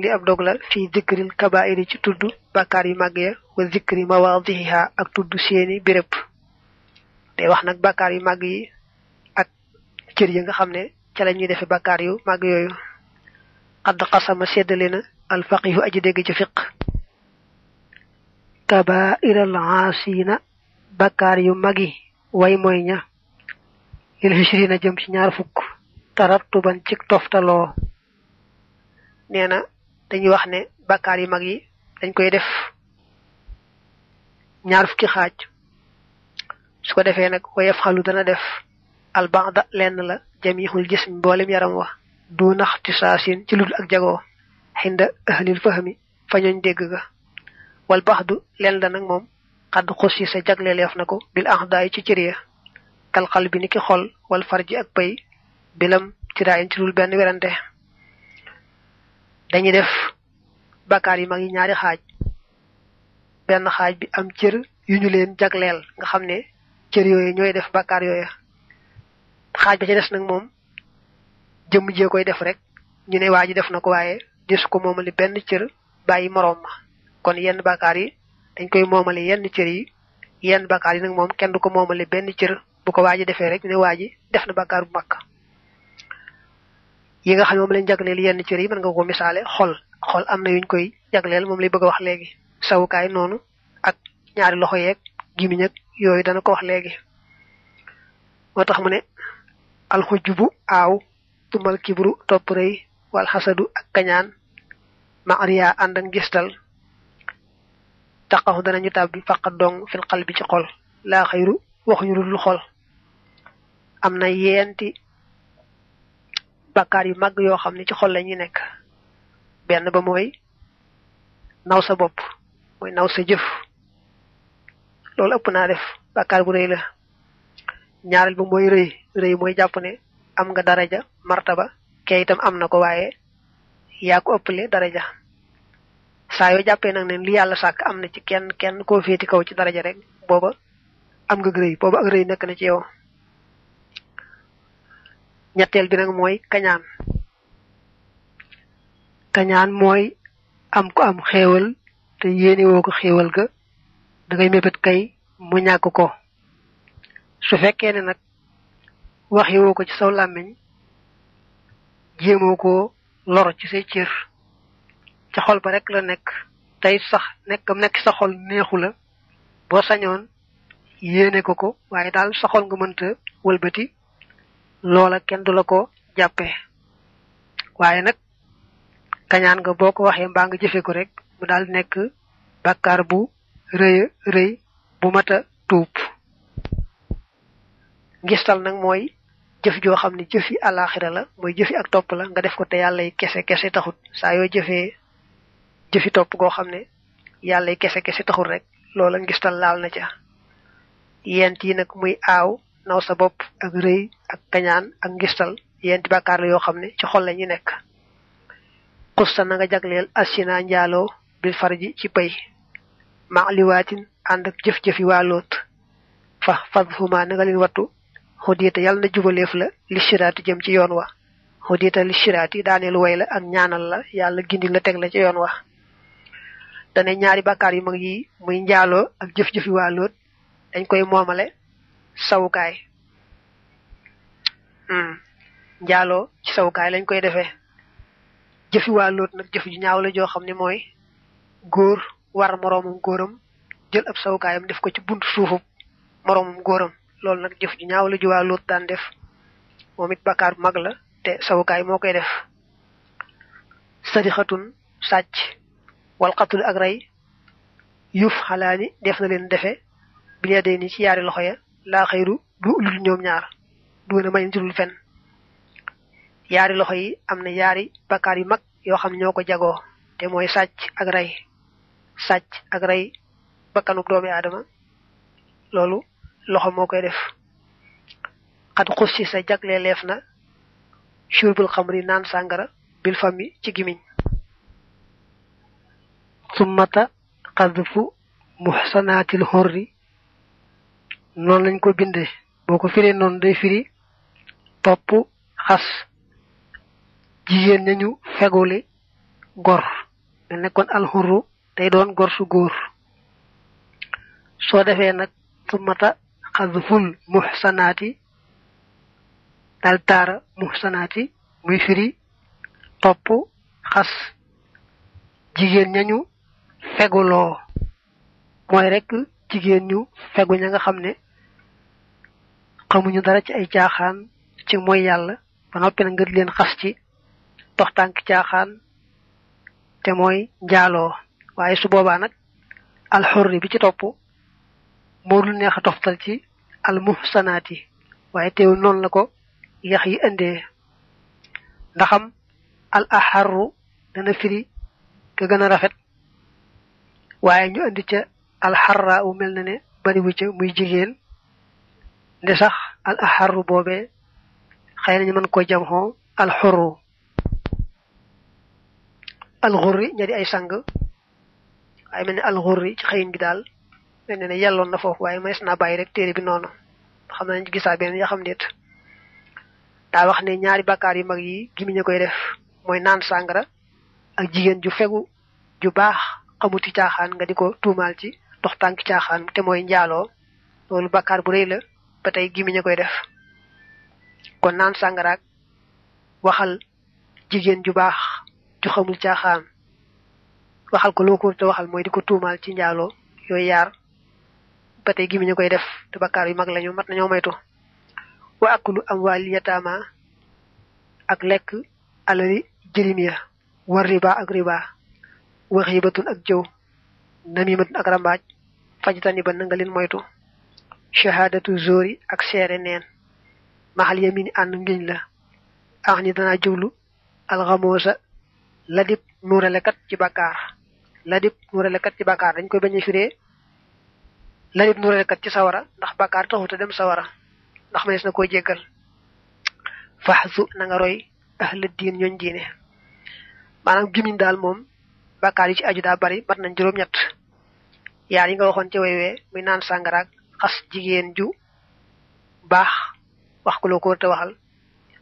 di ab dog fi zikril kaba'iri ci tuddu bakar yu mag ya wa zikri mawadhiha ak tuddu seeni birep day wax nak bakar yu mag ak cër yi ya nga xamne ci lañuy def bakar yu mag yoyu qad qasama sedelena al faqih aji deg ci fiqh kaba'ir al asina bakar yu magi way moy nya il hishrina jëm ci ñaar fukk tarattuban ci toftalo neena dañuy wax ne bàkkaar yu mag yi dañ koy def ñaar fukki xaaj su ko defee nag wayaf xalu dana def albaxda lenn la jamixul jism mboolem yaram wa du nax tisaasin ci ludul ak jagoo xinda ahlil fa fañooñ dégg ga wal baxdu lenn la nag moom xadd xus yi sa jagleleef na ko bil axdaay ci cëriya kalxal bi ni ki xol wal farji ak pay bilam ci daayin ci lul benn werante dañuy def bakkaar yi mag yi ñaari xaaj benn xaaj bi am cër yu ñu leen jagleel nga xam ne cër yooyu ñooy def bakaar yooyu xaaj ba ci des nag moom jëmm jee koy def rek ñu ne waa ji def na ko waaye dis ko moomali benn cër bàyyi moroom ma kon yenn bakaar yi dañ koy moomale yenn cër yi yenn bakkaar yi nag moom kenn du ko moomale benn cër bu ko waa defee rek ñu ne waa ji def na bakkaar bu mag yi nga xam moom lañ li yenn ci yi man nga ko misalé xol xol amna yuñ koy jagleel mom lay bëgg wax saw kay nonu ak ñaari loxo yek gimiñ ak dana ko wax légui motax mu né ne alxujubu aw tumal kibru top walhasadu wal hasadu ak kañaan maariya ànd ak gistal dana ñu tabbi faqa dong fil qalbi ci xol laa lu xol amna yenti Bakari yu mag yo xamni ci xol la nek ben ba moy naw sa bop moy naw sa jëf lolou ëpp na def bakar bu reey la ñaaral bu moy reey reey moy japp ne am nga daraja martaba ke itam am nako ko ya ko ëppale daraja sa yo jappé nak né li yalla sak am ci kenn kenn ko fété kaw ci daraja rek boba am nga reey boba ak reey nek na ci yow ñetteel bi nag mooy kañaan kañaan mooy am ko am xéewal te yéene woo ko xéewal ga dangay ngay kay mu ñàkk ko su fekkee ne nag waxi woo ko ci saw làmmiñ jéemoo ko loro ci say cër ca xol ba rek la nekk tey sax nekkam nekk sa xol neexu la boo sañoon yéene ko ko waaye daal sa xol nga mënta walbati loola kenn du la ko jàppee waaye nag kañaan nga boo ko waxee mbaa nga jëfe ko rek mu daal nekk bàkkaar bu rëy rëy bu mat a tuub ngistal nag mooy jëf joo xam ne jëfi alaxira la mooy jëfi ak topp la nga def ko te yàlla kese kese taxut saa yoo jëfee jëfi topp goo xam ne yàlla kese kese taxut rek loola ngistal laal na ca yent yi nag muy aaw naw sa bopp ak rëy ak kañaan ak ngistal yenti bàkkaar la yoo xam ne ci xol la nekk xusta na nga jagleel asina njaaloo bil farji ci pay maaliwaatin ànd ak jëf-jëfi waaloot fa fadhuma na nga leen wattu xudita yàlla na jubaleef la li siraati jëm ci yoon wa xudita li siraati daaneel way la ak ñaanal la yàlla gindi la teg la ci yoon wa dane ñaari bàkkaar yu mag yi muy njaaloo ak jëf-jëfi waaloot dañ koy moomale sawukaay hmm. njaaloo ci sawukaay lañ koy defee jëfi waa nag jëf ju ñaaw la joo xam ne mooy góor war moroomum góoram jël ab sawukaayam def ko ci buntu suufub moroomum góoram loolu nag jëf ju ñaaw la ju waa lóot daan def moom it bakkaar bu mag la te sawukaay moo koy def sadixatun sàcc wal xatul ak rey yuuf xalaani def na leen defe bi ñu ni ci yaari loxo ya la khairu du lu ñoom ñaar du na may jurul fen yaari loxo yi am na yaari bakkaar yu mag yoo xam ñoo ko jagoo te mooy sàcc ak rey sàcc ak rey bakkanuk doomi aadama loolu loxo moo koy def xat xus ci sa jagle leef na shurbul xamri naan sàngara bil fami ci gimiñ summata qadfu muhsanatil hurri noonu lañ ko bindee boo ko firee noonu day firi topp xas jigéen ñañu feguli gor ne nekkoon alxurru tey doon gor su góor soo defee nag sumata xadful muxsanaati dal taara muxsanaati muy firi topp xas jigéen ñañu feguloo mooy rekk jigéen ñu fegu ña nga xam ne xamuñu dara ci ay caaxaan ci mooy yàlla ba noppi na nga leen xas ci tox tànk caaxaan te mooy njaaloo waaye su boobaa nag alxurri bi ci topp moo lu neex a toftal ci almuhsanaati waaye teew noonu la ko yax yi indee ndaxam al aharru dana firi ka gën a rafet waaye ñu andi ca al harra u mel na ne bari wu ci muy jigéen ne sax al aharru boobee xëy ñu mën ko jam xoo al xurru al xurri ña ay sang waaye mel al xurri ci xëyin gi daal mel ne ne na foofu waaye mayees naa bàyyi rek téere bi noonu xam nañ gisaa benn ya xam nit daa wax ne ñaari bakkaar yu mag yi gimi ñu koy def mooy naan ak jigéen ju fegu ju baax xamuti caaxaan nga di ko tuumaal ci dox tank caaxaan te moy njaalo loolu bakar bu rëy la ba tey gimiñ def kon nan sangarak waxal jigen ju bax ju xamul caaxaan waxal ko loko te waxal moy diko tumal ci njaalo yoy yar batay gimi ñakoy def te bakar yu mag lañu mat nañoo maytu wa akulu amwal yatama ak lek alali jirimiya war ak riba wa ak jaw namimat ak rambaaj fajitani ban nga leen moytu shahadatu zori ak sere neen mahal yamin and ngiñ la axni dana jublu al ghamosa ladib murale kat ci bakar ladib murale kat ci bakar dañ koy bañu firé ladib murale kat ci sawara ndax taxu ta dem sawara ndax manes na koy jéggal fahzu na nga roy ahli din ñoon diine manam gimin dal mom bakari ci aju da bari bat nañ juroom ñett yaar yi nga waxoon ci waywe muy naan sàngaraag xas jigéen ju baax wax ko loo ko wërta waxal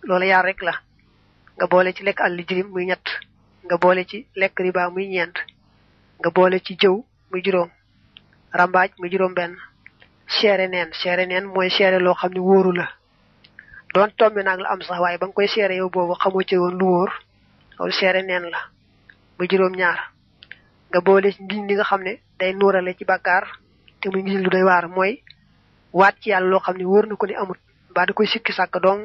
loolu yaar rek la nga boole ci lekk àll jirim muy ñett nga boole ci lekk riba muy ñeent nga boole ci jëw muy juróom rambaaj muy juróom benn seere neen seere neen mooy seere loo xam ne wóoru la doon tombe am sax waaye ba koy seere yow boobu xamoo ci woon lu wóor loolu seere neen la ba juróom ñaar nga boole ngiñ li nga xam ne day nuurale ci bàkkaar te muy ngiñ lu doy waar mooy waat ci yàlla loo xam ne ko ni amut mbaa da koy sikki sàkk dong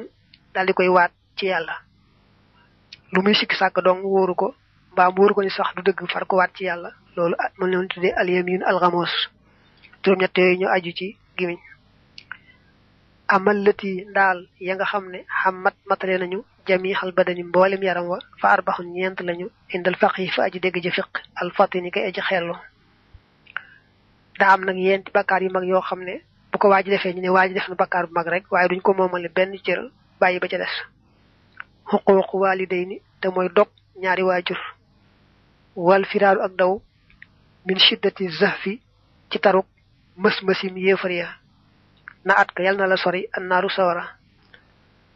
daal di koy waat ci yàlla lu muy sikki sàkk dong wóoru ko mbaa mu wóoru ko ni sax du dëgg far ko waat ci yàlla loolu ah, mën leen tuddee al yamin al juróom ñett ñu aju ci gimiñ amal lati ndaal ya nga xam xamat matale nañu جميع البدن مبولم يرموا فأربح نينت لنو عند الفقه فأجي ديغ جفق الفاتيني كي أجي خيلو دعام نغ ينت بكار يمغ يو خمني بكو واجي دفع نيني واجي دفع نبكار بمغرق واي رنكو مومالي بن جير باي بجي دس حقوق والدين تموي دوك نياري واجر والفرار أقدو من شدة الزهفي تتاروك مس مسيم يفريا نعتك يلنا لسوري النارو سورا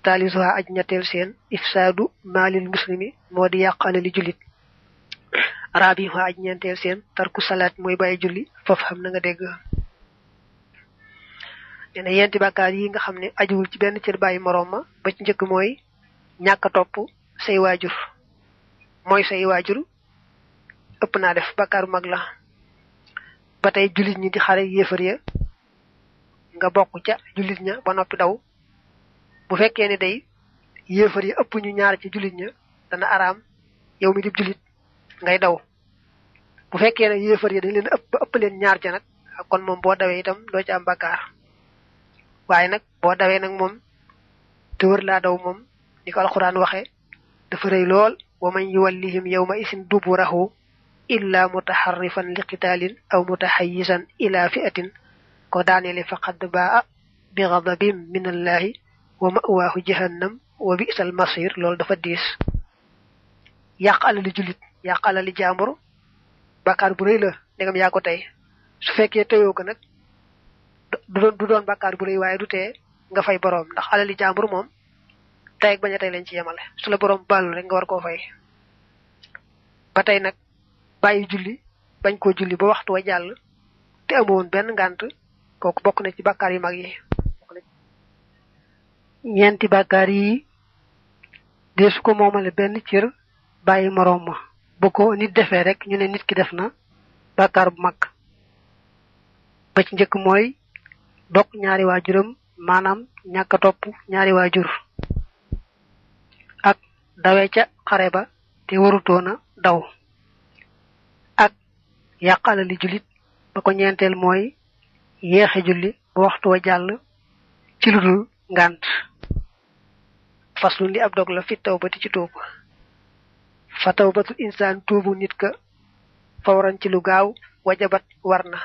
salisuha aj ñettel seen ifsadu malil muslimi modi yaq alali julit rabi fa aj ñentel seen tarku salat moy baye julli fof xam na nga deg ene yenti bakkar yi nga xamne ajuul ci benn cër bayyi morom ma ba ci njëkk mooy ñàkk topp say waajur mooy say waajur ëpp naa def bakkar mag batay ba tey julit ñi di xare yéefar ya nga bokk ca julit ña ba noppi daw bu fekkee ne day yéefar yi ëpp ñu ñaar ci julit ña dana araam yow mi dib julit ngay daw bu fekkee ne yéefar yi dañ leen ëpp ëpp leen ñaar ca nag kon moom boo dawee itam doo ci am bakkaar waaye nag boo dawee nag moom te wër laa daw moom ni ko alquran waxe dafa rëy lool wa man yuwallihim yawma isin duburahu illa mutaharrifan liqitalin aw mutahayyisan ila fi'atin ko daanele faqad baa bi ghadabin min allahi wa ma'wahu jahannam wa bi'sal masir lol dafa dis yaqala li julit yaqala li jaambur bakar bu rëy la ndegam yaa ko tay su fekke teyoo ko nak du don bakar bu reey waye du te nga fay borom ndax alali jaambur mom tay ak baña tay len ci yamale su la borom baalu rek nga war ko fay batay nak nag julli bañ ko julli ba waxtu wa jall te amoon ben ngant kok bokku na ci bakar yi mag yi ñeenti bàkkaar yi su ko moomale benn cër bàyyi moroom ma bu ko nit defee rek ñu ne nit ki def na bàkkaar bu mag ba ci njëkk mooy dog ñaari waajuram maanaam ñàkk topp ñaari waajur ak dawee ca xare ba te warutoon a daw ak yàq jullit ba ko ñeenteel mooy yeexe julli ba waxtu wa jàll ci lu ngant faslun li ab dog la fi tawbati ci tuub fa tawbatul insaan tuubu nit ka fawran ci lu gaaw wajabat war na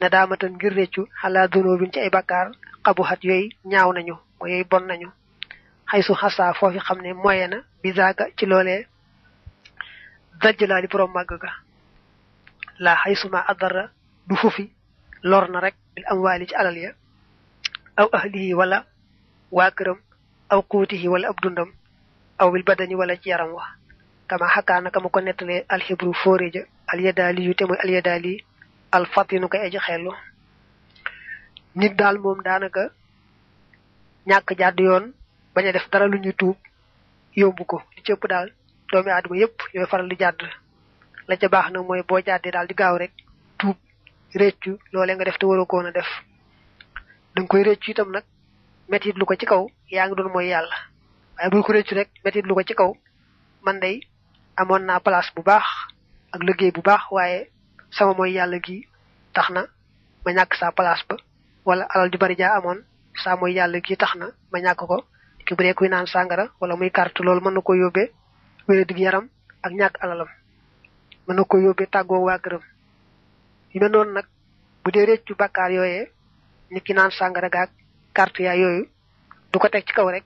na daamatan ngir réccu xalaa dunóobin ci ay bakkaar xabuxat yooy ñaaw nañu mooy yooyu bon nañu xaysu xasaa foofi xam ne moye na bisaaka ci loolee dajjlaa di borom màgg ga laa xaysuma adara du fufi lor na rek am amwaali ci alal ya aw ahlihi wala wa kërëm aw wala ab dundam aw bil badani wala ci yaram wax kama xakaa naka mu ko nettalee alxibru fóoreja alyadaali yu te muy alyadaali alfatinu koy aji xellu nit daal moom daanaka ñàkk jàdd yoon bañ a def dara lu ñu tuub yóbbu ci doomi faral di la ca na di gaaw rek nga def te def dang koy reccu itam nak metit lu ko ci kaw doon moy yalla waye bu ko reccu rek metit lu ko ci kaw man day amon na place bu baax ak liggey bu baax waye sama moy yalla gi taxna ma ñak sa place ba wala alal ju bari ja amon sa moy yalla gi taxna ma ñak ko ki bu kuy naan sangara wala muy carte lol man ko yobbe wéré dig yaram ak ñak alalam man ko yobbe tago wa gëreum yu non nak bu dé reccu bakkar yoyé ni ki naan sàngara gaag carte yaa yooyu du ko teg ci kaw rek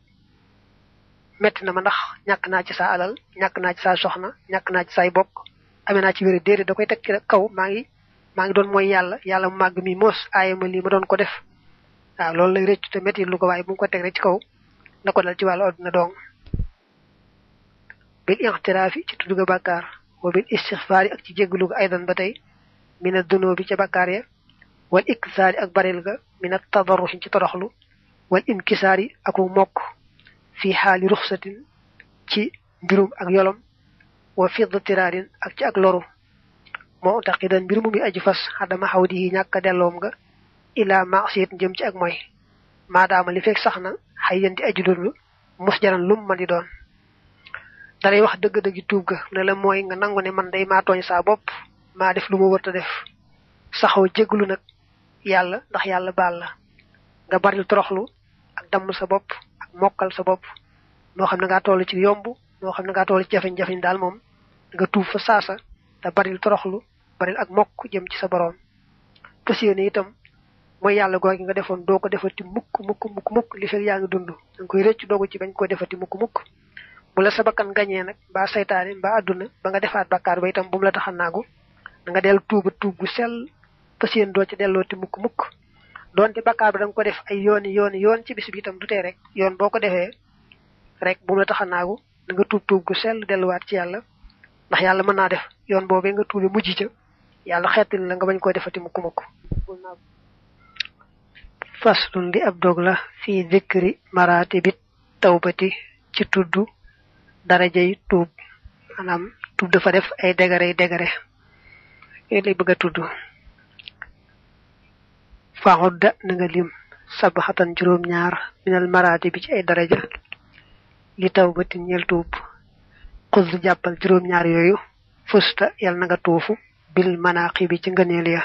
metti na ma ndax ñàkk naa ci saa alal ñàkk naa ci saa soxna ñàkk naa ci saay bokk amee naa ci wér déedéet da koy teg ci kaw maa ngi maa ngi doon mooy yàlla yàlla mu màgg mi moos aaye ma lii ma doon ko def waaw loolu lay rëccu te metti lu ko waaye bu mu ko teg rek ci kaw na ko dal ci wàllu ordina dong bil ixtiraafi ci tudduga bàkkaar wa bil istixfaari ak ci jéggalu ga aydan ba tey mina dunoo bi ca bàkkaar ya wal iksaari ak baril min at-tadarruh ci toroxlu wal inkisari aku mok fi hali rukhsatin ci birum ak yolom wa fi dhirarin ak ci ak loru mo taqidan mbir mu mi aji fas hawdi ñaka delom ila ma'siyat jëm ci ak moy madama li fek saxna hayyanti aji musjaran lum man di don dalay wax deug deug tuub ga ne la moy nga nangu man day ma togn sa bop ma def lu def saxaw jéglu nak ci yàlla ndax yàlla baal la nga bari toroxlu ak damm sa bopp ak mokkal sa bopp noo xam ne ngaa toll ci yomb noo xam ne ngaa toll ci jafeñ-jafeñ daal moom nga tuub fa saasa te baril toroxlu baril ak mokk jëm ci sa boroom fas yéene itam mooy yàlla googi nga defoon doo ko defati mukk mukk mukk mukk li fekk yaa ngi dund danga koy rëcc doogu ci bañ ko defati mukk mukk bu la sa bakkan gañee nag mbaa saytaane mbaa àdduna ba nga defaat bakkaar ba itam bu mu la tax fasiyeen do ci ti mukk mukk donte bakkaar bi dang ko def ay yoni yoni yon ci bis bi itam rek yon boko defé rek bu mu la tax da nga tuub tuub gu delu wat ci yalla ndax yalla mën naa def yon bobé nga tuube mujj ci yalla xéti la nga bañ koo defati mukk mukk faslun di ab dog la fi zikri maratibit tawbati ci tuddu darajay tuub manam tuub dafa def ay degare degare yoy bëgg tuddu faxudda na nga lim sabaxatan juróom ñaar minal maraati bi ci ay daraja li taw ba tin ñel tuub xuz jàppal juróom ñaar yooyu fusta yal na nga tuufu bil manaaxi bi ci ngëneel ya